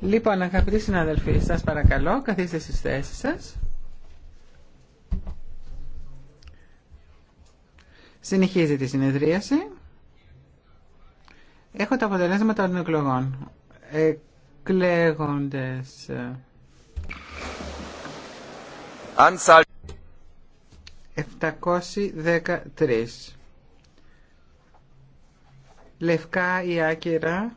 Λοιπόν, αγαπητοί συνάδελφοι, σα παρακαλώ, καθίστε στι θέσει σα. Συνεχίζει τη συνεδρίαση. Έχω τα αποτελέσματα των εκλογών. Εκλέγοντες. 713. Ε, Λευκά ή άκυρα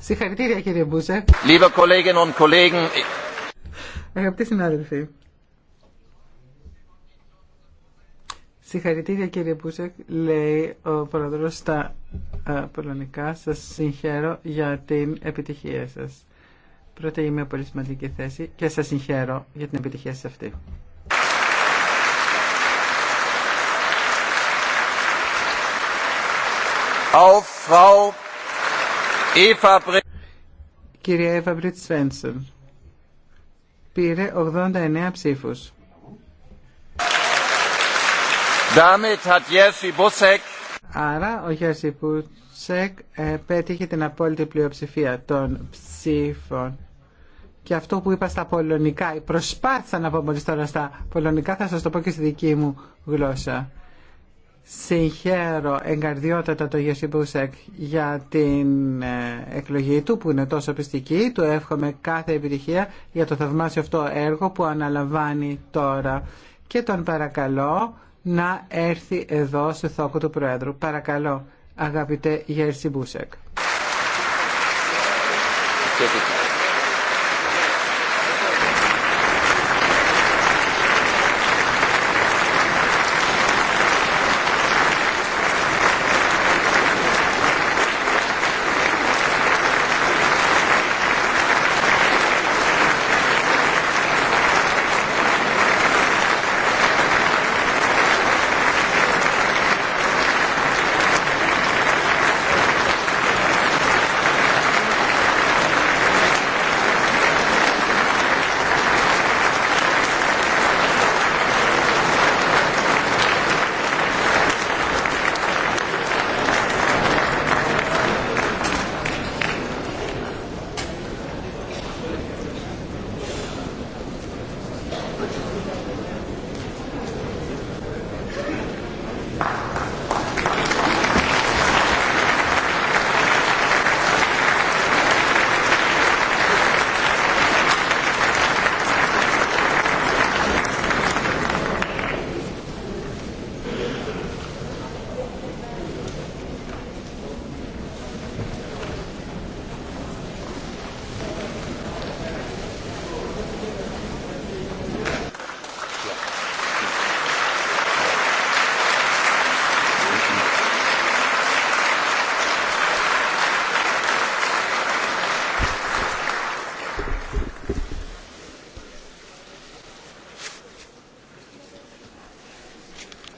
Συγχαρητήρια κύριε Μπούσεκ Λίβε Αγαπητοί συνάδελφοι. Συγχαρητήρια κύριε Μπούζεκ, λέει ο πρόεδρος στα ε, πολωνικά. Σας συγχαίρω για την επιτυχία σας. Πρώτα είμαι πολύ σημαντική θέση και σας συγχαίρω για την επιτυχία σας αυτή. Κυρία Εύα Μπριτ Σβένσον πήρε 89 ψήφους. Άρα ο Γιώργη Πουτσέκ ε, πέτυχε την απόλυτη πλειοψηφία των ψήφων. Και αυτό που είπα στα πολωνικά, προσπάθησα να πω μόλι τώρα στα πολωνικά, θα σα το πω και στη δική μου γλώσσα συγχαίρω εγκαρδιότατα το Γερσί Μπούσεκ για την ε, εκλογή του που είναι τόσο πιστική. Του εύχομαι κάθε επιτυχία για το θαυμάσιο αυτό έργο που αναλαμβάνει τώρα. Και τον παρακαλώ να έρθει εδώ στο θόκο του Πρόεδρου. Παρακαλώ, αγαπητέ Γερσί Μπούσεκ.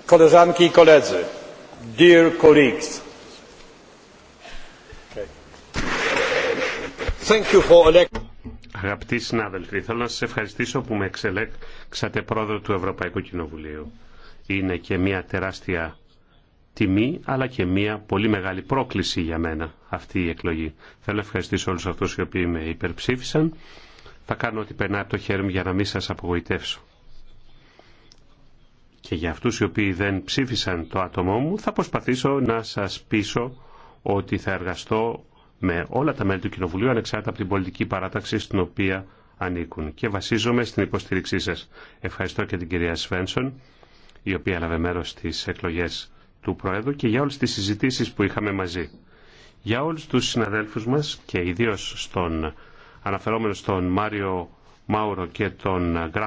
Koleżanki i koledzy, dear colleagues, Αγαπητοί συνάδελφοι, θέλω να σας ευχαριστήσω που με εξελέξατε πρόεδρο του Ευρωπαϊκού Κοινοβουλίου. Είναι και μια τεράστια τιμή, αλλά και μια πολύ μεγάλη πρόκληση για μένα αυτή η εκλογή. Θέλω να ευχαριστήσω όλους αυτούς οι οποίοι με υπερψήφισαν. Θα κάνω ό,τι περνάει από το χέρι μου για να μην σας απογοητεύσω και για αυτούς οι οποίοι δεν ψήφισαν το άτομό μου θα προσπαθήσω να σας πείσω ότι θα εργαστώ με όλα τα μέλη του Κοινοβουλίου ανεξάρτητα από την πολιτική παράταξη στην οποία ανήκουν και βασίζομαι στην υποστήριξή σας. Ευχαριστώ και την κυρία Σφένσον, η οποία έλαβε μέρος στις εκλογές του Προέδρου και για όλες τις συζητήσεις που είχαμε μαζί. Για όλους τους συναδέλφους μας και ιδίως στον αναφερόμενο στον Μάριο Μάουρο και τον Γκρά